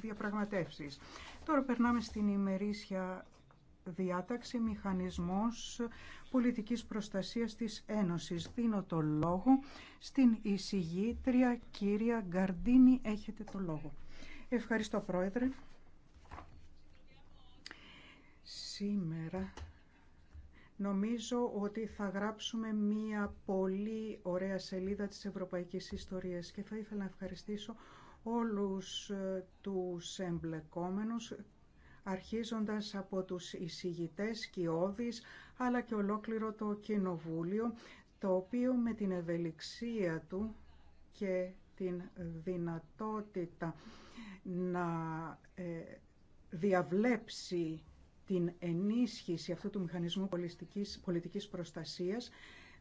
διαπραγματεύσεις. Τώρα περνάμε στην ημερήσια διάταξη μηχανισμός πολιτικής προστασίας της Ένωσης. Δίνω το λόγο στην εισηγήτρια κυρία Γκαρντίνη. Έχετε το λόγο. Ευχαριστώ πρόεδρε. Σήμερα νομίζω ότι θα γράψουμε μία πολύ ωραία σελίδα της ευρωπαϊκής ιστορίας και θα ήθελα να ευχαριστήσω όλους ε, τους εμπλεκόμενους, αρχίζοντας από τους εισηγητές όδης, αλλά και ολόκληρο το κοινοβούλιο, το οποίο με την ευελιξία του και την δυνατότητα να ε, διαβλέψει την ενίσχυση αυτού του μηχανισμού πολιτικής, πολιτικής προστασίας,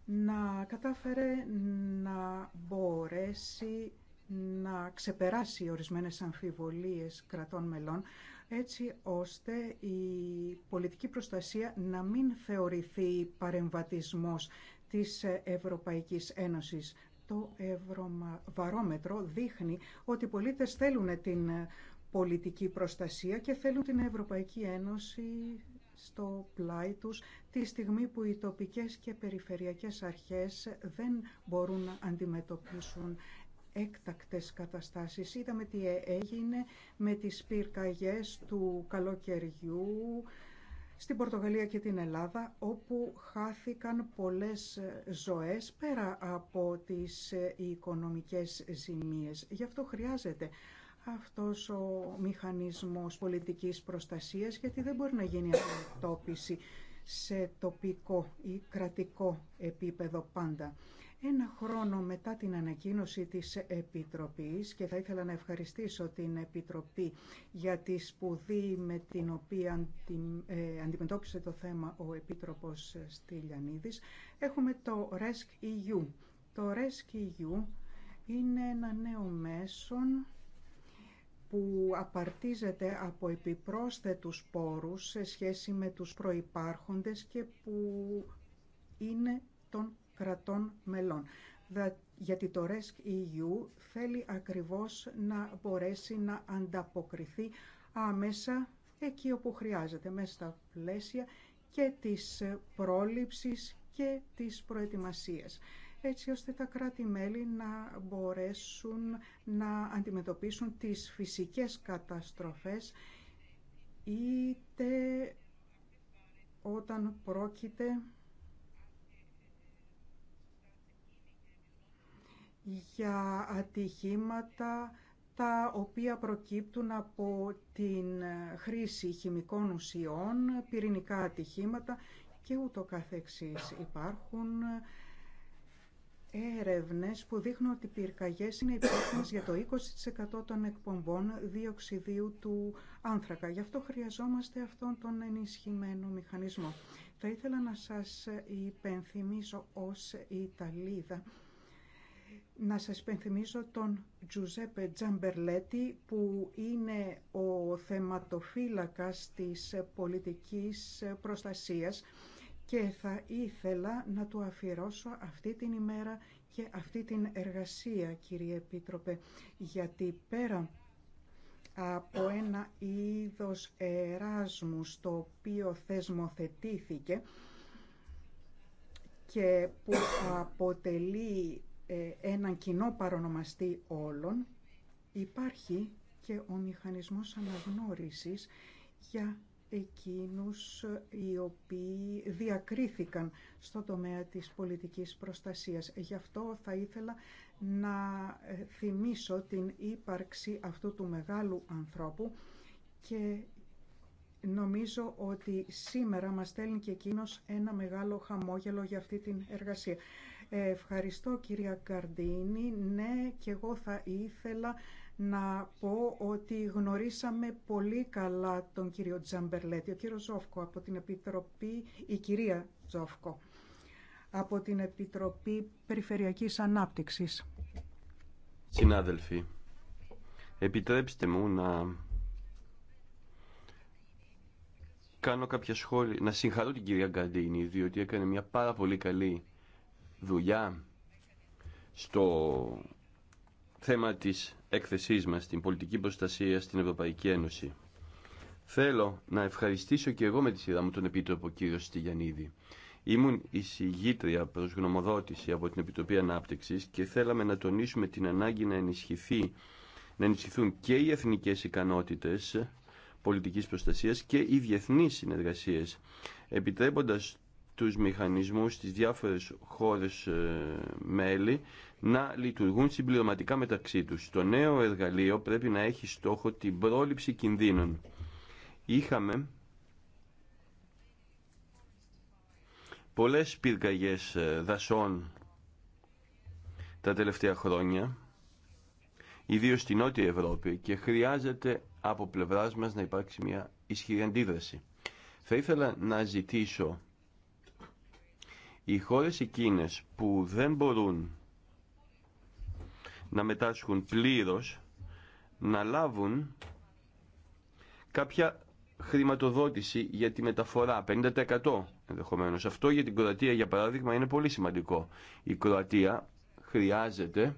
να κατάφερε να μπορέσει να ξεπεράσει ορισμένες αμφιβολίες κρατών μελών, έτσι ώστε η πολιτική προστασία να μην θεωρηθεί παρεμβατισμός της Ευρωπαϊκής Ένωσης. Το Ευρωβαρόμετρο δείχνει ότι οι πολίτες θέλουν την πολιτική προστασία και θέλουν την Ευρωπαϊκή Ένωση στο πλάι τους τη στιγμή που οι τοπικές και περιφερειακές αρχές δεν μπορούν να αντιμετωπίσουν έκτακτες καταστάσεις. Είδαμε τι ε, έγινε με τις πυρκαγιές του καλοκαιριού στην Πορτογαλία και την Ελλάδα, όπου χάθηκαν πολλές ε, ζωές πέρα από τις ε, οικονομικές ζημίες. Γι' αυτό χρειάζεται αυτός ο μηχανισμός πολιτικής προστασίας, γιατί δεν μπορεί να γίνει αντιμετώπιση σε τοπικό ή κρατικό επίπεδο πάντα. Ένα χρόνο μετά την ανακοίνωση της Επιτροπής και θα ήθελα να ευχαριστήσω την Επιτροπή για τη σπουδή με την οποία ε, αντιμετώπισε το θέμα ο Επίτροπος Στυλιανίδης, έχουμε το RESC-EU. Το RESC-EU είναι ένα νέο μέσον που απαρτίζεται από επιπρόσθετους πόρους σε σχέση με τους προϋπάρχοντες και που είναι των κρατών μελών. Γιατί το RESC EU θέλει ακριβώς να μπορέσει να ανταποκριθεί άμεσα εκεί όπου χρειάζεται, μέσα στα πλαίσια και της πρόληψης και της προετοιμασίας έτσι ώστε τα κράτη-μέλη να μπορέσουν να αντιμετωπίσουν τις φυσικές καταστροφές είτε όταν πρόκειται για ατυχήματα τα οποία προκύπτουν από την χρήση χημικών ουσιών, πυρηνικά ατυχήματα και ούτω καθεξής. Υπάρχουν έρευνες που δείχνουν ότι οι πυρκαγιές είναι υπεύθυνες για το 20% των εκπομπών διοξιδίου του άνθρακα. Γι' αυτό χρειαζόμαστε αυτόν τον ενισχυμένο μηχανισμό. Θα ήθελα να σας υπενθυμίσω ως Ιταλίδα να σας υπενθυμίζω τον Τζουζέπε Τζαμπερλέτη που είναι ο θεματοφύλακας της πολιτικής προστασίας και θα ήθελα να του αφιερώσω αυτή την ημέρα και αυτή την εργασία κύριε Επίτροπε γιατί πέρα από ένα είδος εράσμου το οποίο θεσμοθετήθηκε και που αποτελεί ε, έναν κοινό παρονομαστή όλων, υπάρχει και ο μηχανισμός αναγνώρισης για εκείνους ε, οι οποίοι διακρίθηκαν στο τομέα της πολιτικής προστασίας. Γι' αυτό θα ήθελα να ε, θυμίσω την ύπαρξη αυτού του μεγάλου ανθρώπου και νομίζω ότι σήμερα μας στέλνει και εκείνος ένα μεγάλο χαμόγελο για αυτή την εργασία. Ευχαριστώ κυρία Γκαρντίνη. Ναι, και εγώ θα ήθελα να πω ότι γνωρίσαμε πολύ καλά τον κύριο Τζαμπερλέτη, ο κύριο Ζόφκο από την Επιτροπή, η κυρία Ζόφκο, από την Επιτροπή Περιφερειακής Ανάπτυξης. Συνάδελφοι, επιτρέψτε μου να κάνω κάποια σχόλια, να συγχαρώ την κυρία Γκαρντίνη, διότι έκανε μια πάρα πολύ καλή δουλειά στο θέμα της έκθεσής μας, την πολιτική προστασία στην Ευρωπαϊκή Ένωση. Θέλω να ευχαριστήσω και εγώ με τη σειρά μου τον Επίτροπο κύριο Στυγιανίδη. Ήμουν εισηγήτρια προς γνωμοδότηση από την Επιτροπή Ανάπτυξης και θέλαμε να τονίσουμε την ανάγκη να, ενισχυθεί, να ενισχυθούν και οι εθνικές ικανότητες πολιτικής προστασίας και οι διεθνείς συνεργασίες, επιτρέποντας τους μηχανισμούς στις διάφορες χώρες ε, μέλη να λειτουργούν συμπληρωματικά μεταξύ τους. Το νέο εργαλείο πρέπει να έχει στόχο την πρόληψη κινδύνων. Είχαμε πολλές πυρκαγιές ε, δασών τα τελευταία χρόνια, ιδίως στην Νότια Ευρώπη και χρειάζεται από πλευράς μας να υπάρξει μια ισχυρή αντίδραση. Θα ήθελα να ζητήσω οι χώρες εκείνες που δεν μπορούν να μετάσχουν πλήρως, να λάβουν κάποια χρηματοδότηση για τη μεταφορά, 50% ενδεχομένως. Αυτό για την Κροατία, για παράδειγμα, είναι πολύ σημαντικό. Η Κροατία χρειάζεται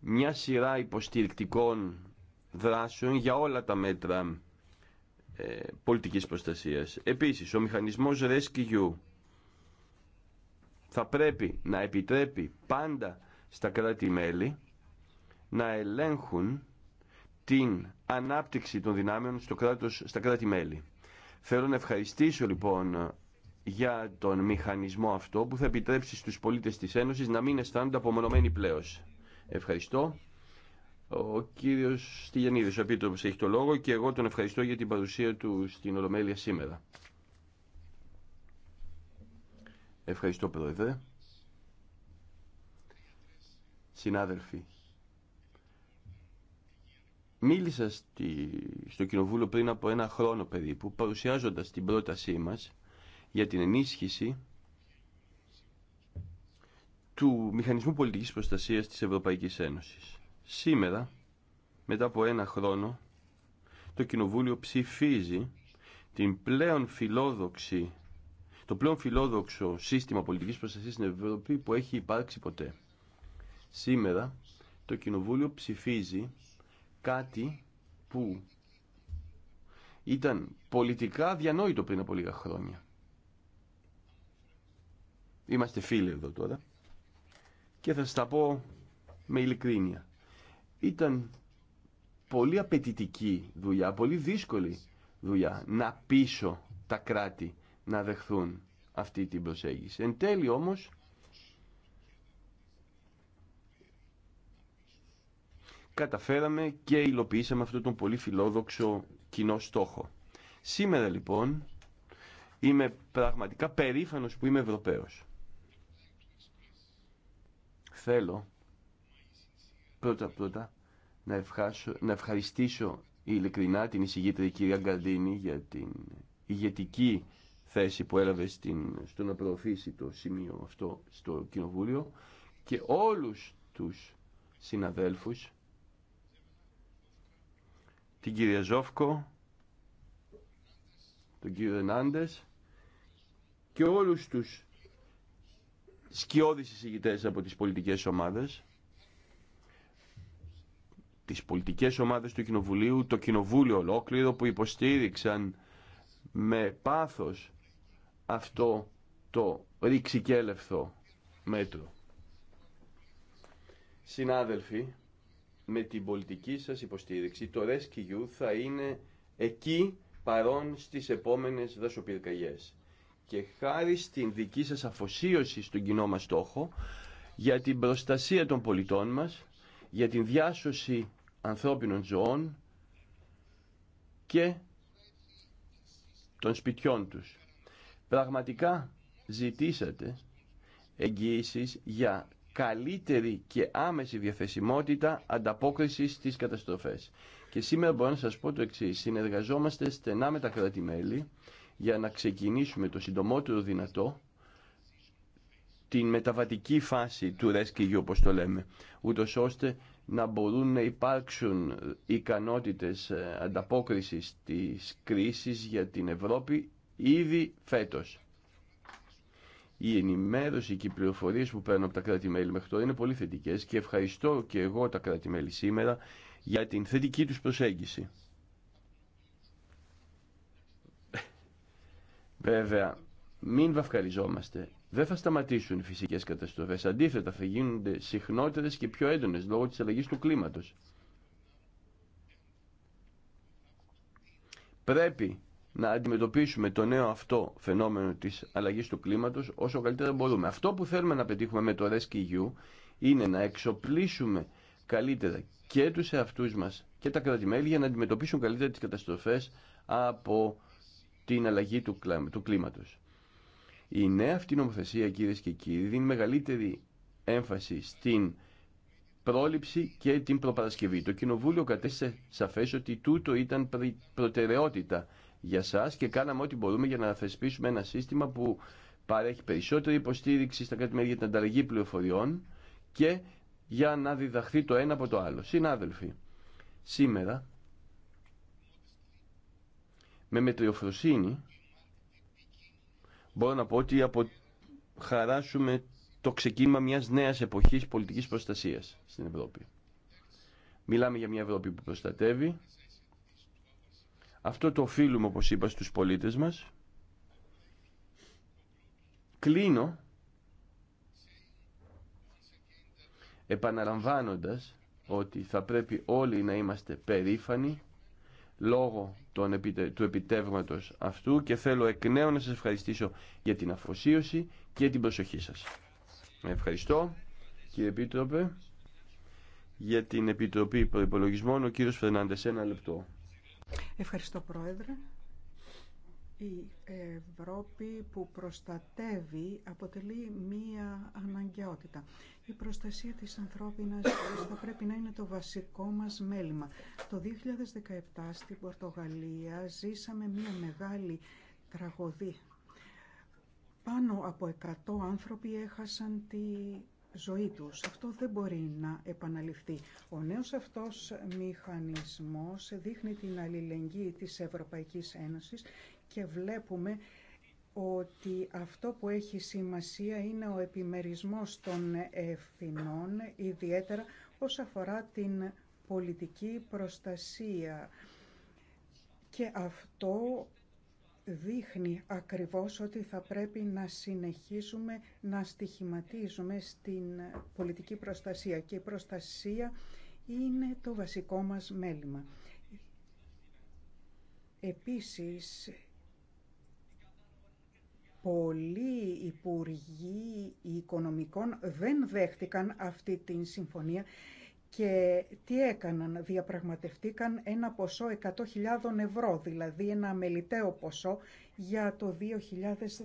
μια σειρά υποστηρικτικών δράσεων για όλα τα μέτρα ε, πολιτικής προστασίας. Επίσης, ο μηχανισμός Rescue θα πρέπει να επιτρέπει πάντα στα κράτη-μέλη να ελέγχουν την ανάπτυξη των δυνάμεων στο κράτος, στα κράτη-μέλη. Θέλω να ευχαριστήσω λοιπόν για τον μηχανισμό αυτό που θα επιτρέψει στους πολίτες της Ένωσης να μην αισθάνονται απομονωμένοι πλέον. Ευχαριστώ. Ο κύριο Στυλιανίδη, ο επίτροπο, έχει το λόγο και εγώ τον ευχαριστώ για την παρουσία του στην Ολομέλεια σήμερα. Ευχαριστώ, Πρόεδρε. Συνάδελφοι, μίλησα στη, στο Κοινοβούλιο πριν από ένα χρόνο περίπου, παρουσιάζοντας την πρότασή μας για την ενίσχυση του Μηχανισμού Πολιτικής Προστασίας της Ευρωπαϊκής Ένωσης. Σήμερα, μετά από ένα χρόνο, το Κοινοβούλιο ψηφίζει την πλέον φιλόδοξη, το πλέον φιλόδοξο σύστημα πολιτικής προστασίας στην Ευρώπη που έχει υπάρξει ποτέ. Σήμερα το Κοινοβούλιο ψηφίζει κάτι που ήταν πολιτικά διανόητο πριν από λίγα χρόνια. Είμαστε φίλοι εδώ τώρα και θα σας τα πω με ειλικρίνεια. Ήταν πολύ απαιτητική δουλειά, πολύ δύσκολη δουλειά να πείσω τα κράτη να δεχθούν αυτή την προσέγγιση. Εν τέλει όμως καταφέραμε και υλοποιήσαμε αυτόν τον πολύ φιλόδοξο κοινό στόχο. Σήμερα λοιπόν είμαι πραγματικά περήφανος που είμαι Ευρωπαίος. Θέλω Πρώτα πρώτα να, να ευχαριστήσω ειλικρινά την εισηγήτρια κυρία Γκαρντίνη για την ηγετική θέση που έλαβε στην, στο να προωθήσει το σημείο αυτό στο Κοινοβούλιο και όλους τους συναδέλφους την κυρία Ζόφκο τον κύριο Ενάντες και όλους τους σκιώδεις εισηγητές από τις πολιτικές ομάδες τις πολιτικές ομάδες του Κοινοβουλίου, το Κοινοβούλιο ολόκληρο που υποστήριξαν με πάθος αυτό το ρηξικέλευθο μέτρο. Συνάδελφοι, με την πολιτική σας υποστήριξη το Rescue θα είναι εκεί παρόν στις επόμενες δασοπυρκαγιές. Και χάρη στην δική σας αφοσίωση στον κοινό μας στόχο, για την προστασία των πολιτών μας, για την διάσωση ανθρώπινων ζωών και των σπιτιών τους. Πραγματικά ζητήσατε εγγυήσεις για καλύτερη και άμεση διαθεσιμότητα ανταπόκρισης στις καταστροφές. Και σήμερα μπορώ να σας πω το εξής. Συνεργαζόμαστε στενά με τα κράτη-μέλη για να ξεκινήσουμε το συντομότερο δυνατό την μεταβατική φάση του rescue, όπως το λέμε, ούτως ώστε να μπορούν να υπάρξουν ικανότητες ε, ανταπόκρισης της κρίσης για την Ευρώπη ήδη φέτος. Η ενημέρωση και οι πληροφορίε που παίρνω από τα κράτη-μέλη μέχρι τώρα είναι πολύ θετικέ και ευχαριστώ και εγώ τα κράτη-μέλη σήμερα για την θετική τους προσέγγιση. Βέβαια, μην βαφκαριζόμαστε. Δεν θα σταματήσουν οι φυσικέ καταστροφέ. Αντίθετα, θα γίνονται συχνότερε και πιο έντονε λόγω τη αλλαγή του κλίματο. Πρέπει να αντιμετωπίσουμε το νέο αυτό φαινόμενο της αλλαγής του κλίματος όσο καλύτερα μπορούμε. Αυτό που θέλουμε να πετύχουμε με το Rescue είναι να εξοπλίσουμε καλύτερα και τους εαυτούς μας και τα κρατημέλη για να αντιμετωπίσουν καλύτερα τις καταστροφές από την αλλαγή του κλίματος. Η νέα αυτή νομοθεσία κυρίε και κύριοι δίνει μεγαλύτερη έμφαση στην πρόληψη και την προπαρασκευή. Το Κοινοβούλιο κατέστησε σαφές ότι τούτο ήταν προτεραιότητα για εσά και κάναμε ό,τι μπορούμε για να θεσπίσουμε ένα σύστημα που παρέχει περισσότερη υποστήριξη στα κράτη για την ανταλλαγή πληροφοριών και για να διδαχθεί το ένα από το άλλο. Συνάδελφοι, σήμερα με μετριοφροσύνη μπορώ να πω ότι από... χαράσουμε το ξεκίνημα μιας νέας εποχής πολιτικής προστασίας στην Ευρώπη. Μιλάμε για μια Ευρώπη που προστατεύει. Αυτό το οφείλουμε, όπως είπα, στους πολίτες μας. Κλείνω επαναλαμβάνοντας ότι θα πρέπει όλοι να είμαστε περήφανοι λόγω του επιτεύγματος αυτού και θέλω εκ νέου να σας ευχαριστήσω για την αφοσίωση και την προσοχή σας. Ευχαριστώ κύριε Επίτροπε για την Επιτροπή Προϋπολογισμών ο κύριος Φερνάντες ένα λεπτό. Ευχαριστώ Πρόεδρε. Η Ευρώπη που προστατεύει αποτελεί μία αναγκαιότητα. Η προστασία της ανθρώπινας ζωής θα πρέπει να είναι το βασικό μας μέλημα. Το 2017 στην Πορτογαλία ζήσαμε μία μεγάλη τραγωδία. Πάνω από 100 άνθρωποι έχασαν τη ζωή τους. Αυτό δεν μπορεί να επαναληφθεί. Ο νέος αυτός μηχανισμός δείχνει την αλληλεγγύη της Ευρωπαϊκής Ένωσης και βλέπουμε ότι αυτό που έχει σημασία είναι ο επιμερισμός των ευθυνών, ιδιαίτερα όσον αφορά την πολιτική προστασία. Και αυτό δείχνει ακριβώς ότι θα πρέπει να συνεχίσουμε να στοιχηματίζουμε στην πολιτική προστασία και η προστασία είναι το βασικό μας μέλημα. Επίσης, πολλοί υπουργοί οικονομικών δεν δέχτηκαν αυτή τη συμφωνία και τι έκαναν, διαπραγματευτήκαν ένα ποσό 100.000 ευρώ, δηλαδή ένα μελιτέο ποσό για το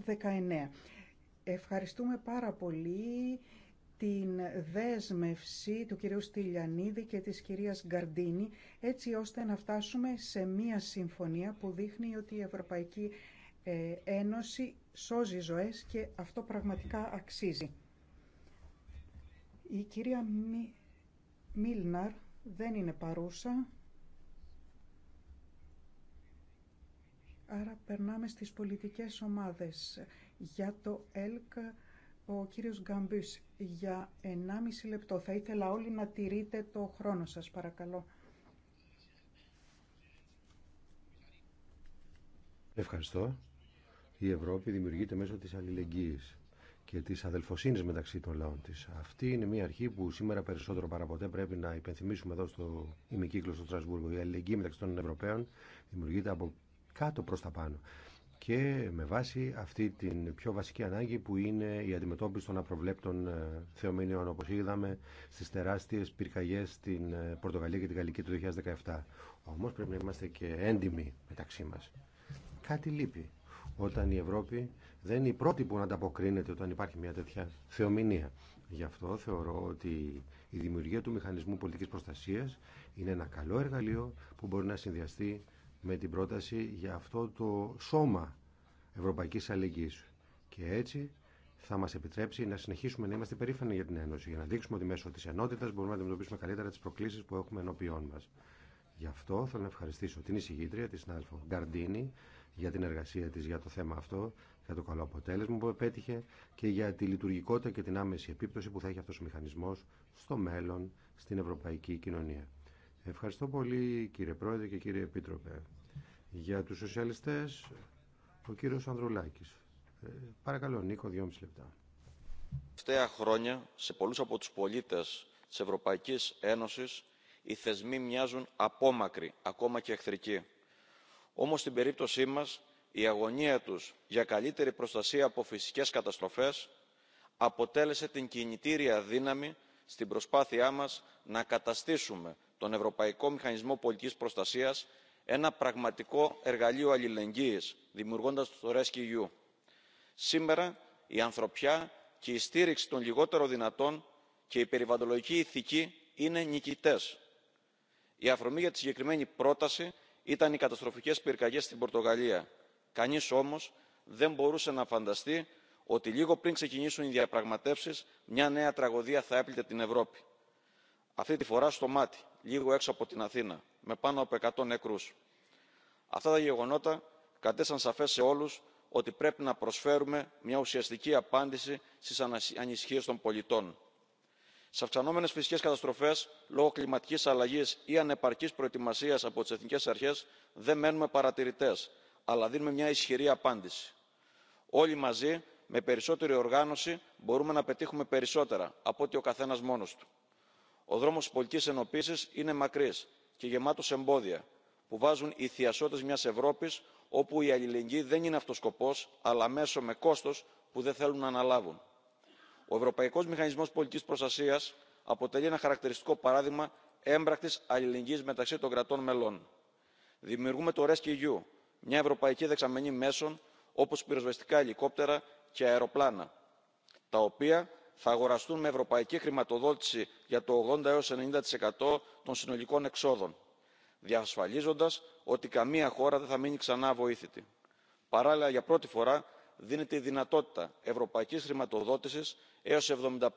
2019. Ευχαριστούμε πάρα πολύ την δέσμευση του κυρίου Στυλιανίδη και της κυρίας Γκαρντίνη, έτσι ώστε να φτάσουμε σε μία συμφωνία που δείχνει ότι η Ευρωπαϊκή ε, Ένωση σώζει ζωές και αυτό πραγματικά αξίζει. Η κυρία Μίλναρ δεν είναι παρούσα, άρα περνάμε στις πολιτικές ομάδες. Για το ΕΛΚ ο κύριος Γκαμπής για 1,5 λεπτό. Θα ήθελα όλοι να τηρείτε το χρόνο σας παρακαλώ. Ευχαριστώ. Η Ευρώπη δημιουργείται μέσω της αλληλεγγύης και της αδελφοσύνης μεταξύ των λαών της. Αυτή είναι μια αρχή που σήμερα περισσότερο παρά πρέπει να υπενθυμίσουμε εδώ στο ημικύκλο στο Τρασβούργο. Η αλληλεγγύη μεταξύ των Ευρωπαίων δημιουργείται από κάτω προς τα πάνω και με βάση αυτή την πιο βασική ανάγκη που είναι η αντιμετώπιση των απροβλέπτων ε, θεομηνίων όπως είδαμε στις τεράστιες πυρκαγιές στην ε, Πορτογαλία και την Γαλλική του 2017. Όμως πρέπει να είμαστε και έντιμοι μεταξύ μας. Κάτι λείπει όταν η Ευρώπη δεν είναι η πρώτη που να ανταποκρίνεται όταν υπάρχει μια τέτοια θεομηνία. Γι' αυτό θεωρώ ότι η δημιουργία του Μηχανισμού Πολιτικής Προστασίας είναι ένα καλό εργαλείο που μπορεί να συνδυαστεί με την πρόταση για αυτό το σώμα Ευρωπαϊκής Αλληλεγγύης. Και έτσι θα μας επιτρέψει να συνεχίσουμε να είμαστε περήφανοι για την Ένωση, για να δείξουμε ότι μέσω της ενότητας μπορούμε να αντιμετωπίσουμε καλύτερα τις προκλήσεις που έχουμε ενώπιόν μας. Γι' αυτό θέλω να ευχαριστήσω την εισηγήτρια, τη συνάδελφο Γκαρντίνη, για την εργασία της για το θέμα αυτό, για το καλό αποτέλεσμα που επέτυχε και για τη λειτουργικότητα και την άμεση επίπτωση που θα έχει αυτός ο μηχανισμός στο μέλλον στην ευρωπαϊκή κοινωνία. Ευχαριστώ πολύ κύριε Πρόεδρε και κύριε Επίτροπε. Για τους σοσιαλιστές, ο κύριος Ανδρουλάκης. Ε, παρακαλώ, Νίκο, δυόμιση λεπτά. Τελευταία χρόνια, σε πολλούς από τους πολίτες της Ευρωπαϊκής Ένωσης, οι θεσμοί μοιάζουν απόμακροι, ακόμα και εχθρικοί όμως στην περίπτωσή μας η αγωνία τους για καλύτερη προστασία από φυσικές καταστροφές αποτέλεσε την κινητήρια δύναμη στην προσπάθειά μας να καταστήσουμε τον ευρωπαϊκό μηχανισμό πολιτικής προστασίας ένα πραγματικό εργαλείο αλληλεγγύης δημιουργώντας το resceu. σήμερα η ανθρωπιά και η στήριξη των λιγότερο δυνατών και η περιβαλλοντολογική ηθική είναι νικητές. η αφορμή για τη συγκεκριμένη πρόταση ήταν οι καταστροφικές πυρκαγιές στην πορτογαλία. κανείς όμως δεν μπορούσε να φανταστεί ότι λίγο πριν ξεκινήσουν οι διαπραγματεύσεις μια νέα τραγωδία θα έπληκε την ευρώπη. αυτή τη φορά στο μάτι λίγο έξω από την αθήνα με πάνω από 100 νεκρούς. αυτά τα γεγονότα κατέστησαν σαφές σε όλους ότι πρέπει να προσφέρουμε μια ουσιαστική απάντηση στις ανησυχίες των πολιτών. Σε αυξανόμενε φυσικές καταστροφές, λόγω κλιματικής αλλαγής ή ανεπαρκή προετοιμασία από τις εθνικές αρχές, δεν μένουμε παρατηρητές, αλλά δίνουμε μια ισχυρή απάντηση. όλοι μαζί με περισσότερη οργάνωση μπορούμε να πετύχουμε περισσότερα από ό,τι ο καθένας μόνος του. ο δρόμος τη πολιτική ενοποίηση είναι μακρύ και γεμάτος εμπόδια που βάζουν οι θειασότες μιας Ευρώπης, όπου η αλληλεγγύη δεν είναι αυτό αλλά μέσο με κόστο που δεν θέλουν να αναλάβουν ο ευρωπαϊκό μηχανισμό πολιτική προστασία αποτελεί ένα χαρακτηριστικό παράδειγμα έμπρακτη αλληλεγγύη μεταξύ των κρατών μελών. δημιουργούμε το resceu μια ευρωπαϊκή δεξαμενή μέσων όπω πυροσβεστικά ελικόπτερα και αεροπλάνα τα οποία θα αγοραστούν με ευρωπαϊκή χρηματοδότηση για το 80 90% των συνολικών εξόδων διασφαλίζοντας ότι καμία χώρα δεν θα μείνει ξανά αβοήθητη. παράλληλα για πρώτη φορά δίνεται η δυνατότητα ευρωπαϊκής χρηματοδότησης έως 75%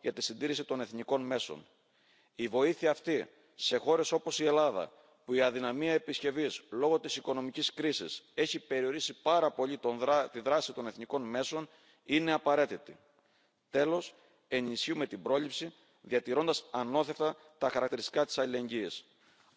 για τη συντήρηση των εθνικών μέσων. η βοήθεια αυτή σε χώρες όπως η ελλάδα που η αδυναμία επισκευής λόγω της οικονομικής κρίσης έχει περιορίσει πάρα πολύ τη δράση των εθνικών μέσων είναι απαραίτητη. τέλος ενισχύουμε την πρόληψη διατηρώντας ανώθευτα τα χαρακτηριστικά της αλληλεγγύης.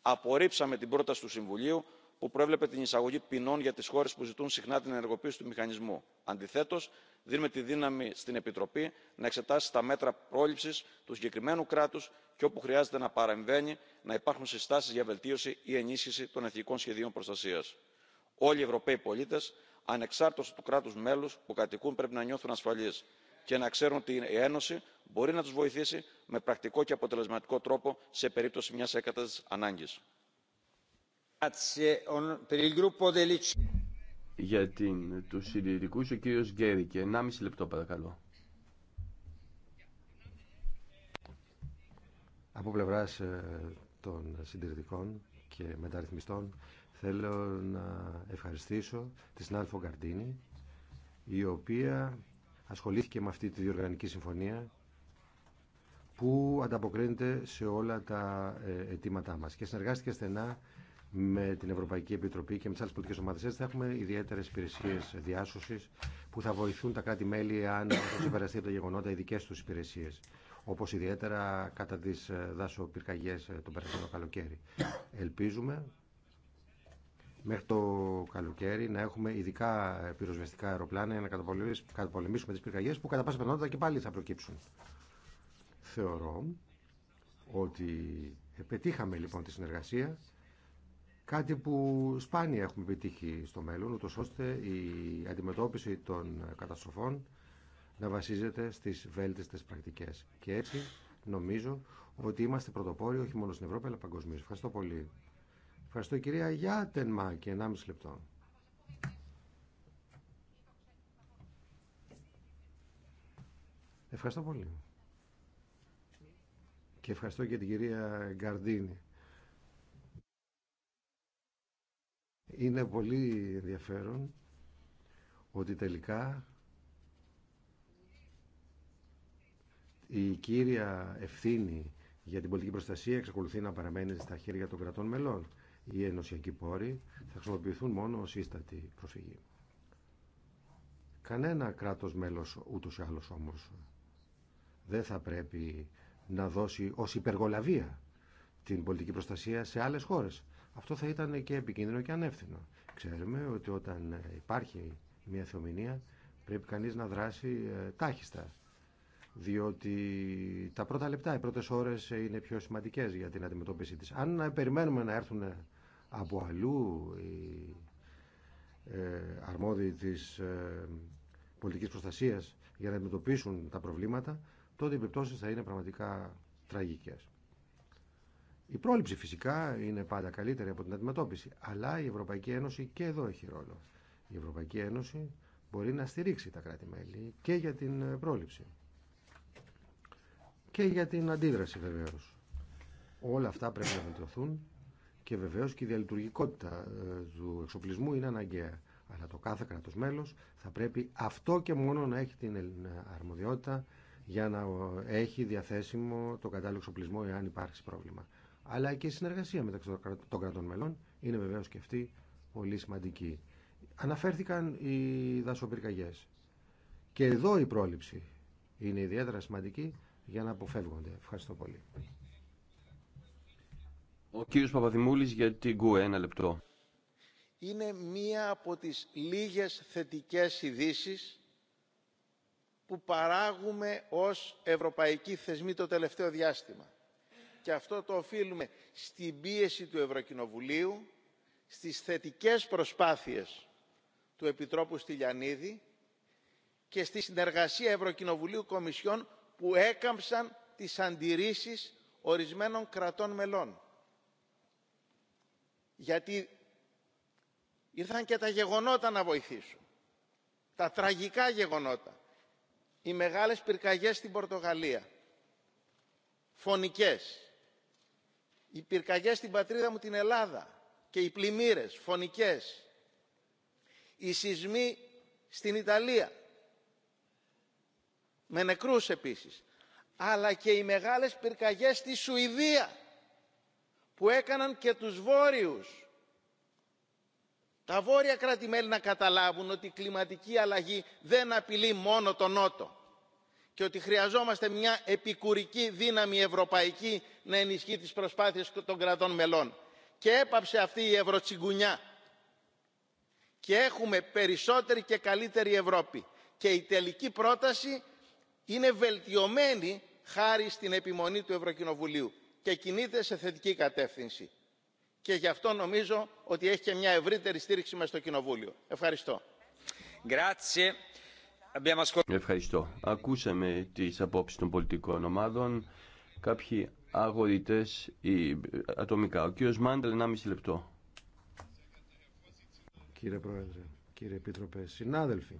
απορρίψαμε την πρόταση του συμβουλίου που προέβλεπε την εισαγωγή ποινών για τι χώρε που ζητούν συχνά την ενεργοποίηση του μηχανισμού. αντιθέτω δίνουμε τη δύναμη στην επιτροπή να εξετάσει τα μέτρα πρόληψη του συγκεκριμένου κράτου και όπου χρειάζεται να παρεμβαίνει να υπάρχουν συστάσει για βελτίωση ή ενίσχυση των εθνικών σχεδίων προστασία. όλοι οι ευρωπαίοι πολίτε ανεξάρτητα του κράτου μέλου που κατοικούν πρέπει να νιώθουν ασφαλεί και να ξέρουν ότι η ένωση μπορεί να του βοηθήσει με πρακτικό και αποτελεσματικό τρόπο σε περίπτωση μια έκτακτης ανάγκης. Για την, του συντηρητικούς ο κύριος Γκέρικε. 1,5 λεπτό παρακαλώ. Από πλευρά ε, των συντηρητικών και μεταρρυθμιστών θέλω να ευχαριστήσω τη συνάδελφο Γκαρντίνη η οποία ασχολήθηκε με αυτή τη διοργανική συμφωνία που ανταποκρίνεται σε όλα τα ε, αιτήματά μας και συνεργάστηκε στενά με την Ευρωπαϊκή Επιτροπή και με τι άλλε πολιτικέ ομάδε. Έτσι θα έχουμε ιδιαίτερε υπηρεσίε διάσωση που θα βοηθούν τα κράτη-μέλη αν έχουν συμπεραστεί από τα γεγονότα οι δικέ του υπηρεσίε. Όπω ιδιαίτερα κατά τι ε, δάσοπυρκαγιέ ε, τον περασμένο καλοκαίρι. Ελπίζουμε μέχρι το καλοκαίρι να έχουμε ειδικά πυροσβεστικά αεροπλάνα για να καταπολεμήσουμε τι πυρκαγιέ που κατά πάσα πιθανότητα και πάλι θα προκύψουν. Θεωρώ ότι πετύχαμε λοιπόν τη συνεργασία Κάτι που σπάνια έχουμε επιτύχει στο μέλλον, ούτως ώστε η αντιμετώπιση των καταστροφών να βασίζεται στις βέλτιστες πρακτικές. Και έτσι νομίζω ότι είμαστε πρωτοπόροι όχι μόνο στην Ευρώπη αλλά παγκοσμίως. Ευχαριστώ πολύ. Ευχαριστώ κυρία Γιάτενμα και 1,5 λεπτό. Ευχαριστώ πολύ. Και ευχαριστώ και την κυρία Γκαρντίνη Είναι πολύ ενδιαφέρον ότι τελικά η κύρια ευθύνη για την πολιτική προστασία εξακολουθεί να παραμένει στα χέρια των κρατών μελών. Οι ενωσιακοί πόροι θα χρησιμοποιηθούν μόνο ως ίστατη προσφυγή. Κανένα κράτος μέλος ούτως ή άλλως όμως δεν θα πρέπει να δώσει ως υπεργολαβία την πολιτική προστασία σε άλλες χώρες. Αυτό θα ήταν και επικίνδυνο και ανεύθυνο. Ξέρουμε ότι όταν ε, υπάρχει μια θεομηνία πρέπει κανείς να δράσει ε, τάχιστα. Διότι τα πρώτα λεπτά, οι πρώτες ώρες ε, είναι πιο σημαντικές για την αντιμετώπιση της. Αν περιμένουμε να έρθουν από αλλού οι αρμόδιοι της πολιτικής προστασίας για να αντιμετωπίσουν τα προβλήματα, τότε οι επιπτώσεις θα είναι πραγματικά τραγικές. Η πρόληψη φυσικά είναι πάντα καλύτερη από την αντιμετώπιση, αλλά η Ευρωπαϊκή Ένωση και εδώ έχει ρόλο. Η Ευρωπαϊκή Ένωση μπορεί να στηρίξει τα κράτη-μέλη και για την ε, πρόληψη και για την αντίδραση βεβαίω. Όλα αυτά πρέπει να βελτιωθούν και βεβαίω και η διαλειτουργικότητα ε, του εξοπλισμού είναι αναγκαία. Αλλά το κάθε κράτος μέλος θα πρέπει αυτό και μόνο να έχει την ε, αρμοδιότητα για να έχει διαθέσιμο το κατάλληλο εξοπλισμό εάν υπάρξει πρόβλημα αλλά και η συνεργασία μεταξύ των κρατών μελών είναι βεβαίως και αυτή πολύ σημαντική. Αναφέρθηκαν οι δασοπυρκαγιέ. Και εδώ η πρόληψη είναι ιδιαίτερα σημαντική για να αποφεύγονται. Ευχαριστώ πολύ. Ο κύριος Παπαδημούλης για την ΚΟΕ, ένα λεπτό. Είναι μία από τις λίγες θετικές ειδήσει που παράγουμε ως ευρωπαϊκή θεσμή το τελευταίο διάστημα και αυτό το οφείλουμε στην πίεση του ευρωκοινοβουλίου στις θετικές προσπάθειες του επιτρόπου στυλιανίδη και στη συνεργασία ευρωκοινοβουλίου Κομισιών που έκαμψαν τις αντιρρήσεις ορισμένων κρατών μελών. Γιατί ήρθαν και τα γεγονότα να βοηθήσουν. Τα τραγικά γεγονότα. Οι μεγάλες πυρκαγιές στην Πορτογαλία. Φωνικές οι πυρκαγιές στην πατρίδα μου την Ελλάδα και οι πλημμύρες φωνικές, οι σεισμοί στην Ιταλία, με νεκρούς επίσης, αλλά και οι μεγάλες πυρκαγιές στη Σουηδία που έκαναν και τους βόρειους τα βόρεια κράτη-μέλη να καταλάβουν ότι η κλιματική αλλαγή δεν απειλεί μόνο τον Νότο και ότι χρειαζόμαστε μια επικουρική δύναμη ευρωπαϊκή να ενισχύει τις προσπάθειες των κρατών μελών. Και έπαψε αυτή η ευρωτσιγκουνιά. Και έχουμε περισσότερη και καλύτερη Ευρώπη. Και η τελική πρόταση είναι βελτιωμένη χάρη στην επιμονή του Ευρωκοινοβουλίου και κινείται σε θετική κατεύθυνση. Και γι' αυτό νομίζω ότι έχει και μια ευρύτερη στήριξη μες στο Κοινοβούλιο. Ευχαριστώ. Ευχαριστώ. Ακούσαμε τις απόψεις των πολιτικών ομάδων. Κάποιοι αγορητές ή, ατομικά. Ο κύριος Μάντελ, 1,5 λεπτό. Κύριε Πρόεδρε, κύριε Επίτροπε, συνάδελφοι.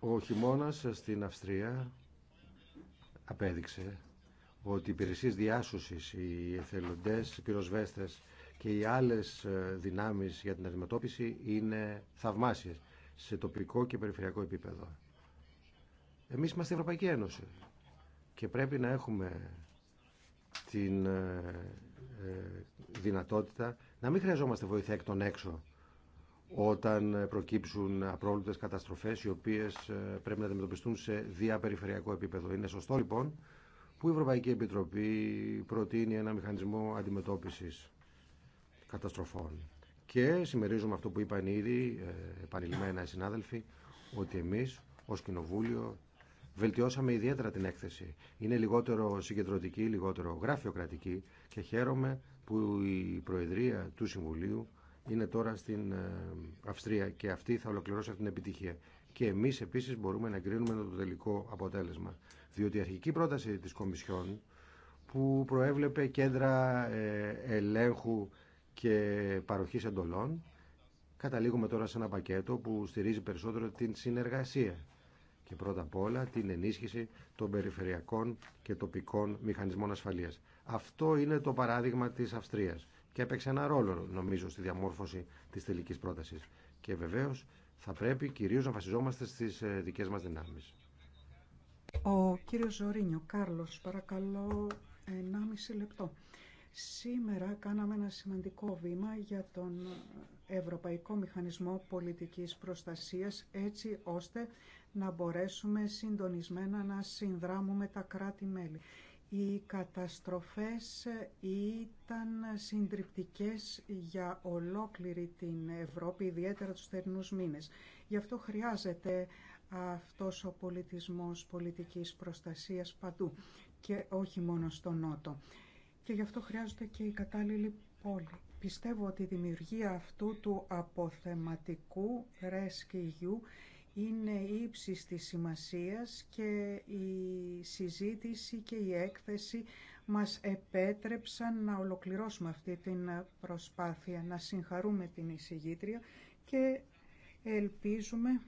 Ο χειμώνας στην Αυστρία απέδειξε ότι οι υπηρεσίες διάσωσης, οι εθελοντές, οι πυροσβέστες και οι άλλες ε, δυνάμεις για την αντιμετώπιση είναι θαυμάσιες σε τοπικό και περιφερειακό επίπεδο. Εμείς είμαστε η Ευρωπαϊκή Ένωση και πρέπει να έχουμε την ε, ε, δυνατότητα να μην χρειαζόμαστε βοήθεια εκ των έξω όταν προκύψουν απρόβλητες καταστροφές οι οποίες πρέπει να αντιμετωπιστούν σε διαπεριφερειακό επίπεδο. Είναι σωστό λοιπόν που η Ευρωπαϊκή Επιτροπή προτείνει ένα μηχανισμό αντιμετώπισης καταστροφών. Και συμμερίζουμε αυτό που είπαν ήδη ε, επανειλημμένα οι συνάδελφοι, ότι εμεί, ω Κοινοβούλιο βελτιώσαμε ιδιαίτερα την έκθεση. Είναι λιγότερο συγκεντρωτική, λιγότερο γραφειοκρατική και χαίρομαι που η Προεδρία του Συμβουλίου είναι τώρα στην ε, Αυστρία και αυτή θα ολοκληρώσει αυτή την επιτυχία. Και εμείς επίσης μπορούμε να κρίνουμε το τελικό αποτέλεσμα. Διότι η αρχική πρόταση της Κομισιόν που προέβλεπε κέντρα ε, ελέγχου και παροχής εντολών, καταλήγουμε τώρα σε ένα πακέτο που στηρίζει περισσότερο την συνεργασία και πρώτα απ' όλα την ενίσχυση των περιφερειακών και τοπικών μηχανισμών ασφαλείας. Αυτό είναι το παράδειγμα της Αυστρίας και έπαιξε ένα ρόλο νομίζω στη διαμόρφωση της τελικής πρότασης. Και βεβαίως θα πρέπει κυρίως να βασιζόμαστε στις ε, δικές μας δυνάμεις. Ο κύριος Ζωρίνιο, Κάρλος, παρακαλώ λεπτό. Σήμερα κάναμε ένα σημαντικό βήμα για τον Ευρωπαϊκό Μηχανισμό Πολιτικής Προστασίας έτσι ώστε να μπορέσουμε συντονισμένα να συνδράμουμε τα κράτη-μέλη. Οι καταστροφές ήταν συντριπτικές για ολόκληρη την Ευρώπη, ιδιαίτερα τους θερινούς μήνες. Γι' αυτό χρειάζεται αυτός ο πολιτισμός πολιτικής προστασίας παντού και όχι μόνο στο Νότο και γι' αυτό χρειάζεται και η κατάλληλη πόλη. Πιστεύω ότι η δημιουργία αυτού του αποθεματικού ΡΕΣΚΙΓΙΟΥ είναι ύψη τη σημασίας και η συζήτηση και η έκθεση μας επέτρεψαν να ολοκληρώσουμε αυτή την προσπάθεια, να συγχαρούμε την εισηγήτρια και ελπίζουμε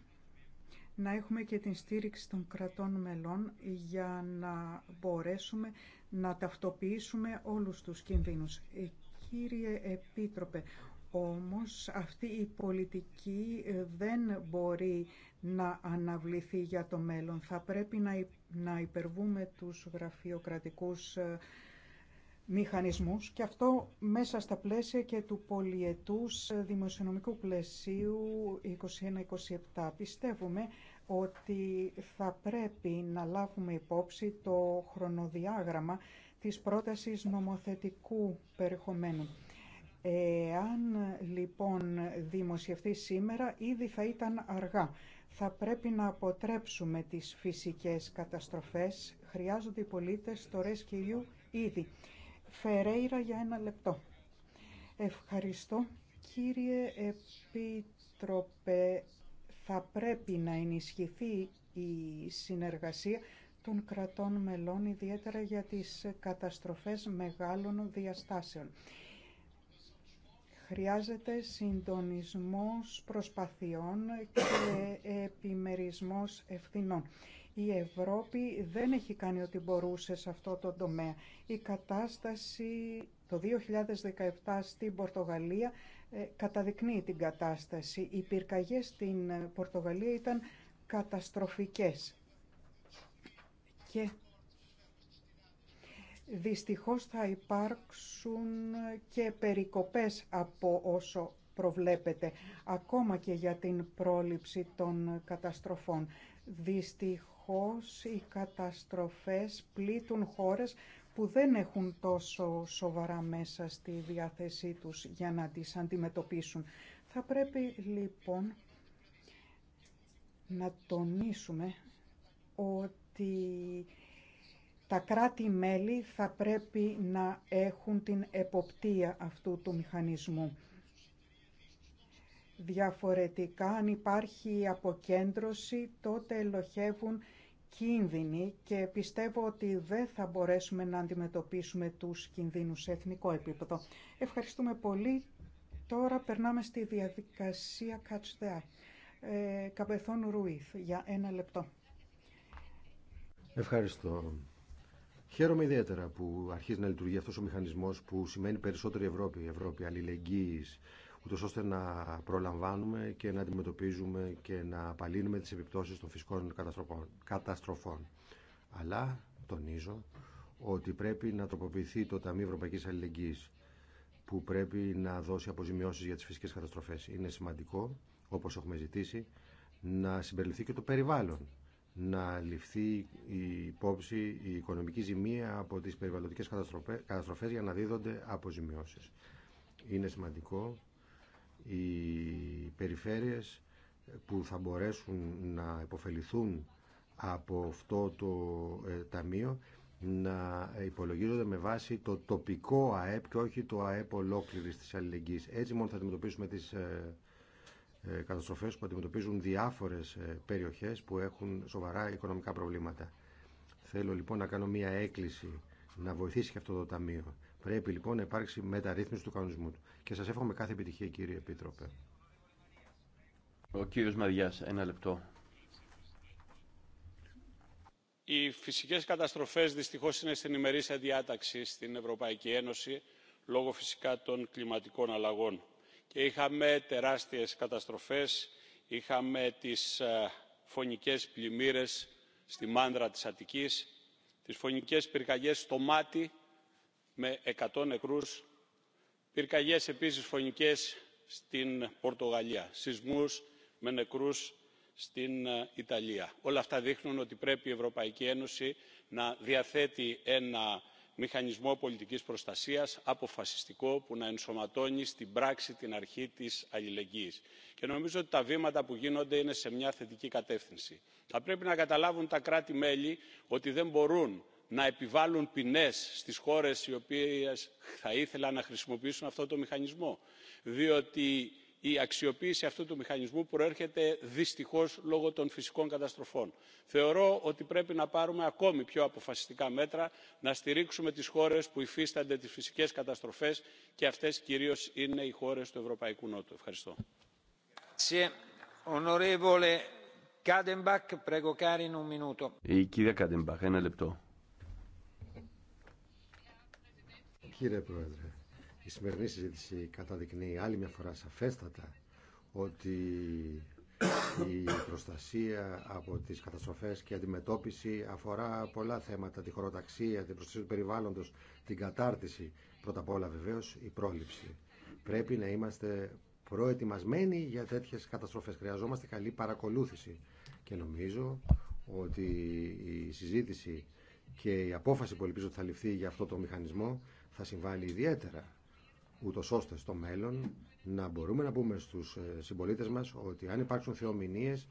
να έχουμε και την στήριξη των κρατών μελών για να μπορέσουμε να ταυτοποιήσουμε όλους τους κινδύνους. Ε, κύριε Επίτροπε, όμως αυτή η πολιτική ε, δεν μπορεί να αναβληθεί για το μέλλον. Θα πρέπει να υπερβούμε τους γραφειοκρατικούς ε, μηχανισμούς και αυτό μέσα στα πλαίσια και του πολιετούς δημοσιονομικού πλαισίου 21-27. Πιστεύουμε ότι θα πρέπει να λάβουμε υπόψη το χρονοδιάγραμμα της πρότασης νομοθετικού περιεχομένου. Εάν λοιπόν δημοσιευτεί σήμερα, ήδη θα ήταν αργά. Θα πρέπει να αποτρέψουμε τις φυσικές καταστροφές. Χρειάζονται οι πολίτες το ήδη. Φερέιρα για ένα λεπτό. Ευχαριστώ. Κύριε Επίτροπε, θα πρέπει να ενισχυθεί η συνεργασία των κρατών μελών, ιδιαίτερα για τις καταστροφές μεγάλων διαστάσεων. Χρειάζεται συντονισμός προσπαθειών και επιμερισμός ευθυνών. Η Ευρώπη δεν έχει κάνει ό,τι μπορούσε σε αυτό το τομέα. Η κατάσταση το 2017 στην Πορτογαλία ε, καταδεικνύει την κατάσταση. Οι πυρκαγιές στην ε, Πορτογαλία ήταν καταστροφικές και δυστυχώς θα υπάρξουν και περικοπές από όσο προβλέπεται, ακόμα και για την πρόληψη των καταστροφών. Δυστυχώς οι καταστροφές πλήττουν χώρες που δεν έχουν τόσο σοβαρά μέσα στη διάθεσή τους για να τις αντιμετωπίσουν. Θα πρέπει λοιπόν να τονίσουμε ότι τα κράτη-μέλη θα πρέπει να έχουν την εποπτεία αυτού του μηχανισμού. Διαφορετικά, αν υπάρχει αποκέντρωση, τότε ελοχεύουν κίνδυνοι και πιστεύω ότι δεν θα μπορέσουμε να αντιμετωπίσουμε τους κινδύνους σε εθνικό επίπεδο. Ευχαριστούμε πολύ. Τώρα περνάμε στη διαδικασία Catch the Eye. Ε, Ρουίθ, για ένα λεπτό. Ευχαριστώ. Χαίρομαι ιδιαίτερα που αρχίζει να λειτουργεί αυτός ο μηχανισμός που σημαίνει περισσότερη Ευρώπη, Ευρώπη αλληλεγγύης, ούτω ώστε να προλαμβάνουμε και να αντιμετωπίζουμε και να απαλύνουμε τις επιπτώσεις των φυσικών καταστροφών. Αλλά τονίζω ότι πρέπει να τροποποιηθεί το Ταμείο Ευρωπαϊκή Αλληλεγγύης που πρέπει να δώσει αποζημιώσεις για τις φυσικές καταστροφές. Είναι σημαντικό, όπως έχουμε ζητήσει, να συμπεριληφθεί και το περιβάλλον να ληφθεί η υπόψη η οικονομική ζημία από τις περιβαλλοντικές καταστροφές για να δίδονται αποζημιώσεις. Είναι σημαντικό οι περιφέρειες που θα μπορέσουν να υποφεληθούν από αυτό το ε, ταμείο να υπολογίζονται με βάση το τοπικό ΑΕΠ και όχι το ΑΕΠ ολόκληρη τη αλληλεγγύη. Έτσι μόνο θα αντιμετωπίσουμε τι ε, ε, καταστροφέ που αντιμετωπίζουν διάφορε περιοχέ που έχουν σοβαρά οικονομικά προβλήματα. Θέλω λοιπόν να κάνω μία έκκληση να βοηθήσει και αυτό το Ταμείο Πρέπει λοιπόν να υπάρξει μεταρρύθμιση του κανονισμού του. Και σας εύχομαι κάθε επιτυχία κύριε Επίτροπε. Ο κύριο Μαρια, ένα λεπτό. Οι φυσικές καταστροφές δυστυχώς είναι στην ημερήσια διάταξη στην Ευρωπαϊκή Ένωση λόγω φυσικά των κλιματικών αλλαγών. Και είχαμε τεράστιες καταστροφές, είχαμε τις ε, φωνικέ πλημμύρε στη μάντρα τη Αττικής, τι φωνικέ πυρκαγιέ στο Μάτι με 100 νεκρούς, πυρκαγιές επίσης φωνικές στην Πορτογαλία, σεισμούς με νεκρούς στην ε, Ιταλία. Όλα αυτά δείχνουν ότι πρέπει η Ευρωπαϊκή Ένωση να διαθέτει ένα μηχανισμό πολιτικής προστασίας αποφασιστικό που να ενσωματώνει στην πράξη την αρχή της αλληλεγγύης. Και νομίζω ότι τα βήματα που γίνονται είναι σε μια θετική κατεύθυνση. Θα πρέπει να καταλάβουν τα κράτη-μέλη ότι δεν μπορούν να επιβάλλουν ποινές στις χώρες οι οποίες θα ήθελαν να χρησιμοποιήσουν αυτό το μηχανισμό διότι η αξιοποίηση αυτού του μηχανισμού προέρχεται δυστυχώς λόγω των φυσικών καταστροφών. θεωρώ ότι πρέπει να πάρουμε ακόμη πιο αποφασιστικά μέτρα να στηρίξουμε τις χώρες που υφίστανται τις φυσικές καταστροφές και αυτές κυρίως είναι οι χώρες του ευρωπαϊκού νότου. ευχαριστώ. Η κυρία ένα λεπτό. Κύριε Πρόεδρε, η σημερινή συζήτηση καταδεικνύει άλλη μια φορά σαφέστατα ότι η προστασία από τις καταστροφές και αντιμετώπιση αφορά πολλά θέματα, τη χωροταξία, την προστασία του περιβάλλοντος, την κατάρτιση, πρώτα απ' όλα βεβαίως η πρόληψη. Πρέπει να είμαστε προετοιμασμένοι για τέτοιες καταστροφές. Χρειαζόμαστε καλή παρακολούθηση και νομίζω ότι η συζήτηση και η απόφαση που ελπίζω ότι θα ληφθεί για αυτό το μηχανισμό θα συμβάλλει ιδιαίτερα ούτως ώστε στο μέλλον να μπορούμε να πούμε στους ε, συμπολίτες μας ότι αν υπάρξουν θεομηνίες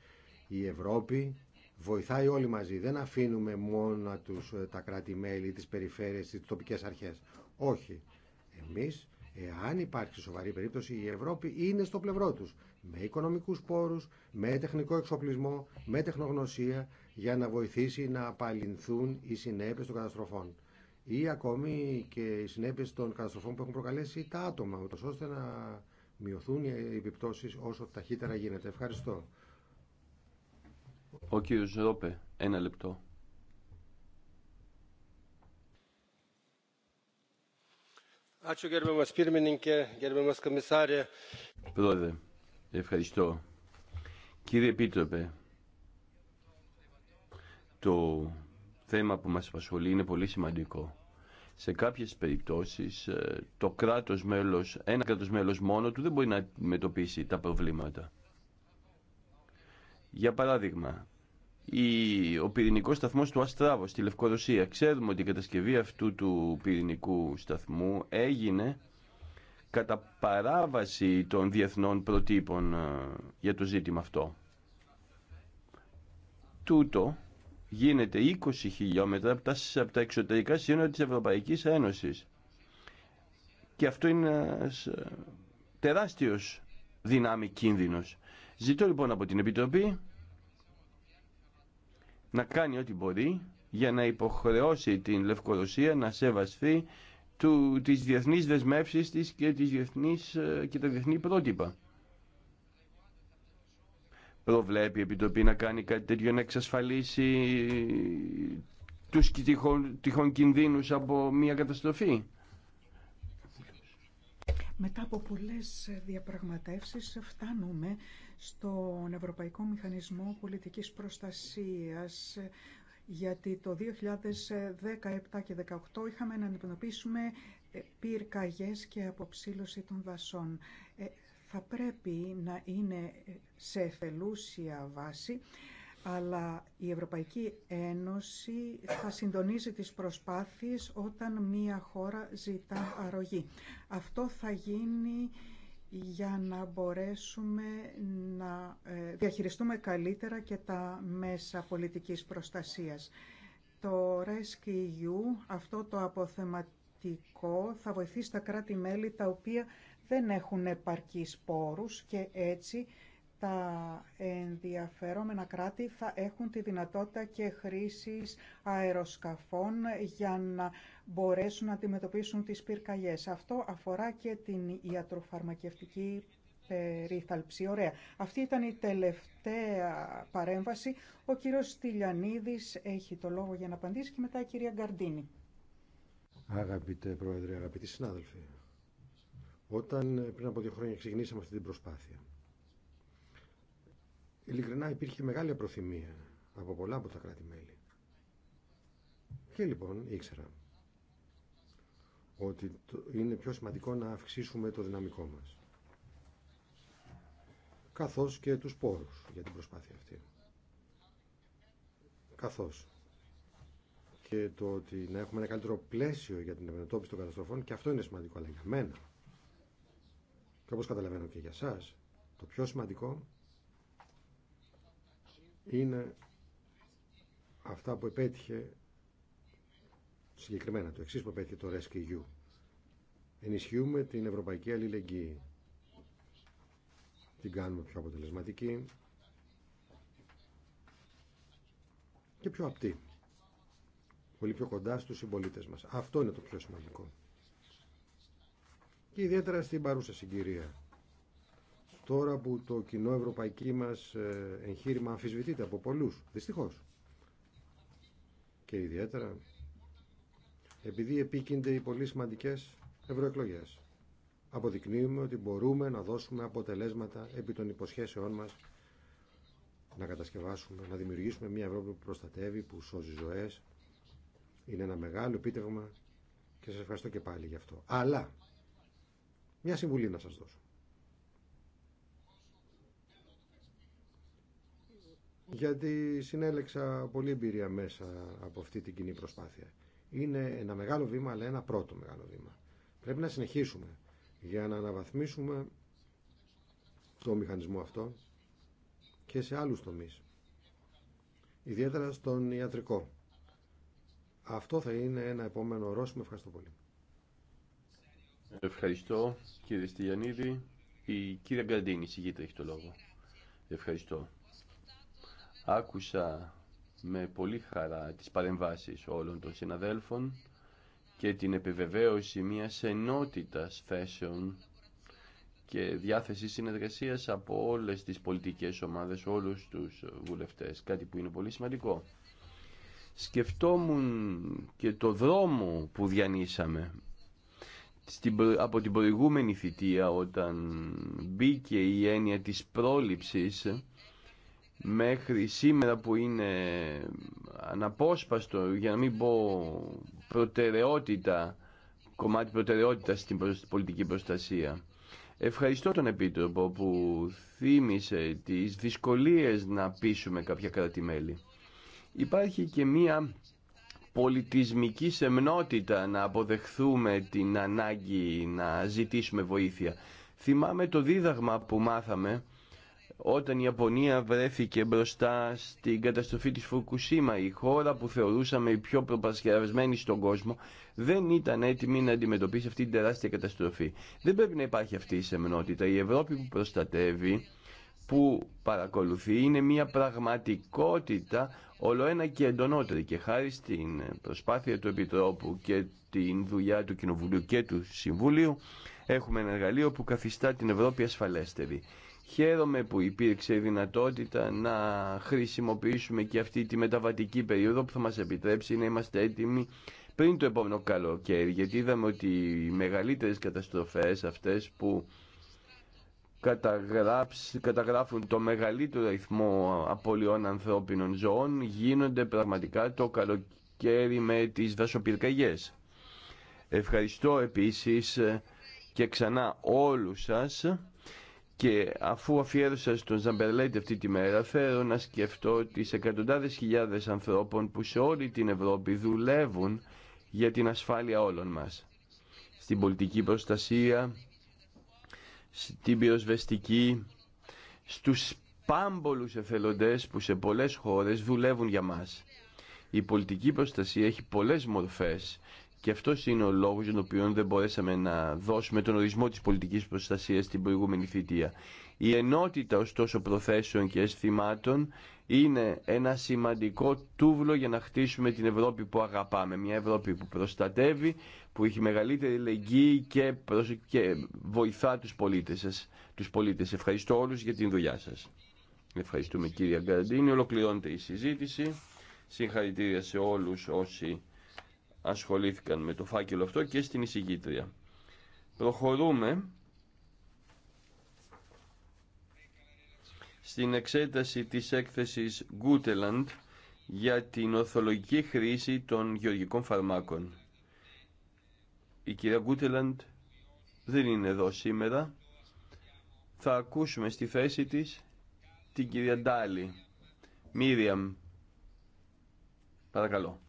η Ευρώπη βοηθάει όλοι μαζί. Δεν αφήνουμε μόνο τους, ε, τα κράτη-μέλη, τις περιφέρειες, τις τοπικές αρχές. Όχι. Εμείς, εάν υπαρχει σοβαρή περίπτωση, η Ευρώπη είναι στο πλευρό τους. Με οικονομικούς πόρους, με τεχνικό εξοπλισμό, με τεχνογνωσία για να βοηθήσει να απαλληλθούν οι συνέπειες των καταστροφών ή ακόμη και οι συνέπειες των καταστροφών που έχουν προκαλέσει τα άτομα, ώστε να μειωθούν οι επιπτώσεις όσο ταχύτερα γίνεται. Ευχαριστώ. Ο κύριος ένα λεπτό. Πρόεδρε, ευχαριστώ. Κύριε Επίτροπε, το θέμα που μας απασχολεί είναι πολύ σημαντικό. Σε κάποιες περιπτώσεις ε, το κράτος μέλος, ένα κράτος μέλος μόνο του δεν μπορεί να αντιμετωπίσει τα προβλήματα. Για παράδειγμα, ο πυρηνικός σταθμός του Αστράβο στη Λευκορωσία. Ξέρουμε ότι η κατασκευή αυτού του πυρηνικού σταθμού έγινε κατά παράβαση των διεθνών προτύπων ε, για το ζήτημα αυτό. Τούτο γίνεται 20 χιλιόμετρα από τα εξωτερικά σύνορα της Ευρωπαϊκής Ένωσης. Και αυτό είναι ε, τεράστιος δυνάμει κίνδυνος. Ζητώ λοιπόν από την Επιτροπή να κάνει ό,τι μπορεί για να υποχρεώσει την Λευκορωσία να σεβαστεί του, τις διεθνείς δεσμεύσεις της και, τις διεθνείς, ε, και τα διεθνή πρότυπα προβλέπει η Επιτροπή να κάνει κάτι τέτοιο, να εξασφαλίσει τους τυχόν, τυχόν κινδύνους από μια καταστροφή. Μετά από πολλές διαπραγματεύσεις φτάνουμε στον Ευρωπαϊκό Μηχανισμό Πολιτικής Προστασίας γιατί το 2017 και 2018 είχαμε να αντιμετωπίσουμε πυρκαγιές και αποψήλωση των δασών. Ε, θα πρέπει να είναι σε εφελούσια βάση, αλλά η Ευρωπαϊκή Ένωση θα συντονίζει τις προσπάθειες όταν μία χώρα ζητά αρρωγή. Αυτό θα γίνει για να μπορέσουμε να ε, διαχειριστούμε καλύτερα και τα μέσα πολιτικής προστασίας. Το RESC-EU, αυτό το αποθεματικό, θα βοηθήσει τα κράτη-μέλη τα οποία δεν έχουν επαρκή σπόρους και έτσι τα ενδιαφερόμενα κράτη θα έχουν τη δυνατότητα και χρήσης αεροσκαφών για να μπορέσουν να αντιμετωπίσουν τις πυρκαγιές. Αυτό αφορά και την ιατροφαρμακευτική περίθαλψη. Ωραία. Αυτή ήταν η τελευταία παρέμβαση. Ο κύριος Στυλιανίδης έχει το λόγο για να απαντήσει και μετά η κυρία Γκαρντίνη. Αγαπητέ Πρόεδρε, αγαπητοί συνάδελφοι, όταν πριν από δύο χρόνια ξεκινήσαμε αυτή την προσπάθεια. Ειλικρινά υπήρχε μεγάλη προθυμία από πολλά από τα κράτη-μέλη. Και λοιπόν ήξερα ότι είναι πιο σημαντικό να αυξήσουμε το δυναμικό μας. Καθώς και τους πόρους για την προσπάθεια αυτή. Καθώς και το ότι να έχουμε ένα καλύτερο πλαίσιο για την αντιμετώπιση των καταστροφών και αυτό είναι σημαντικό. Αλλά για μένα και όπως καταλαβαίνω και για σας, το πιο σημαντικό είναι αυτά που επέτυχε συγκεκριμένα το εξής που επέτυχε το Rescue Ενισχύουμε την ευρωπαϊκή αλληλεγγύη. Την κάνουμε πιο αποτελεσματική και πιο απτή. Πολύ πιο κοντά στους συμπολίτες μας. Αυτό είναι το πιο σημαντικό και ιδιαίτερα στην παρούσα συγκυρία. Τώρα που το κοινό ευρωπαϊκή μας ε, εγχείρημα αμφισβητείται από πολλούς, δυστυχώς. Και ιδιαίτερα επειδή επίκυνται οι πολύ σημαντικέ ευρωεκλογέ. Αποδεικνύουμε ότι μπορούμε να δώσουμε αποτελέσματα επί των υποσχέσεών μας να κατασκευάσουμε, να δημιουργήσουμε μια Ευρώπη που προστατεύει, που σώζει ζωές. Είναι ένα μεγάλο επίτευγμα και σας ευχαριστώ και πάλι γι' αυτό. Αλλά μια συμβουλή να σας δώσω. Γιατί συνέλεξα πολύ εμπειρία μέσα από αυτή την κοινή προσπάθεια. Είναι ένα μεγάλο βήμα, αλλά ένα πρώτο μεγάλο βήμα. Πρέπει να συνεχίσουμε για να αναβαθμίσουμε το μηχανισμό αυτό και σε άλλους τομείς. Ιδιαίτερα στον ιατρικό. Αυτό θα είναι ένα επόμενο ορόσημο. Ευχαριστώ πολύ. Ευχαριστώ κύριε Στυλιανίδη. Η κύρια Γκαντίνη, συγγείται, έχει το λόγο. Ευχαριστώ. Άκουσα με πολύ χαρά τις παρεμβάσεις όλων των συναδέλφων και την επιβεβαίωση μιας ενότητας θέσεων και διάθεση συνεργασίας από όλες τις πολιτικές ομάδες, όλους τους βουλευτές, κάτι που είναι πολύ σημαντικό. Σκεφτόμουν και το δρόμο που διανύσαμε από την προηγούμενη θητεία όταν μπήκε η έννοια της πρόληψης μέχρι σήμερα που είναι αναπόσπαστο για να μην πω προτεραιότητα κομμάτι προτεραιότητα στην πολιτική προστασία. Ευχαριστώ τον Επίτροπο που θύμισε τις δυσκολίες να πείσουμε κάποια κράτη-μέλη. Υπάρχει και μία πολιτισμική σεμνότητα να αποδεχθούμε την ανάγκη να ζητήσουμε βοήθεια. Θυμάμαι το δίδαγμα που μάθαμε όταν η Ιαπωνία βρέθηκε μπροστά στην καταστροφή της Φουκουσίμα. Η χώρα που θεωρούσαμε η πιο προπαρασκευασμένη στον κόσμο δεν ήταν έτοιμη να αντιμετωπίσει αυτή την τεράστια καταστροφή. Δεν πρέπει να υπάρχει αυτή η σεμνότητα. Η Ευρώπη που προστατεύει που παρακολουθεί είναι μια πραγματικότητα ένα και εντονότερη και χάρη στην προσπάθεια του Επιτρόπου και την δουλειά του Κοινοβουλίου και του Συμβουλίου έχουμε ένα εργαλείο που καθιστά την Ευρώπη ασφαλέστερη. Χαίρομαι που υπήρξε η δυνατότητα να χρησιμοποιήσουμε και αυτή τη μεταβατική περίοδο που θα μας επιτρέψει να είμαστε έτοιμοι πριν το επόμενο καλοκαίρι γιατί είδαμε ότι οι μεγαλύτερες καταστροφές αυτές που καταγράφουν το μεγαλύτερο αριθμό απολειών ανθρώπινων ζώων γίνονται πραγματικά το καλοκαίρι με τις δασοπυρκαγιές. Ευχαριστώ επίσης ε, και ξανά όλους σας και αφού αφιέρωσα στον Ζαμπερλέιτ αυτή τη μέρα θέλω να σκεφτώ τις εκατοντάδες χιλιάδες ανθρώπων που σε όλη την Ευρώπη δουλεύουν για την ασφάλεια όλων μας. Στην πολιτική προστασία, στην πυροσβεστική, στους πάμπολους εθελοντές που σε πολλές χώρες δουλεύουν για μας. Η πολιτική προστασία έχει πολλές μορφές και αυτό είναι ο λόγος για τον οποίο δεν μπορέσαμε να δώσουμε τον ορισμό της πολιτικής προστασίας στην προηγούμενη θητεία. Η ενότητα ωστόσο προθέσεων και αισθημάτων είναι ένα σημαντικό τούβλο για να χτίσουμε την Ευρώπη που αγαπάμε. Μια Ευρώπη που προστατεύει, που έχει μεγαλύτερη λεγγύη και, προσ... βοηθά τους πολίτες σας. Τους πολίτες. Ευχαριστώ όλους για την δουλειά σας. Ευχαριστούμε κύριε Γκαρντίνη. Ολοκληρώνεται η συζήτηση. Συγχαρητήρια σε όλους όσοι ασχολήθηκαν με το φάκελο αυτό και στην εισηγήτρια. Προχωρούμε στην εξέταση της έκθεσης Γκούτελαντ για την ορθολογική χρήση των γεωργικών φαρμάκων. Η κυρία Γκούτελαντ δεν είναι εδώ σήμερα. Θα ακούσουμε στη θέση της την κυρία Ντάλι. Μίριαμ, παρακαλώ.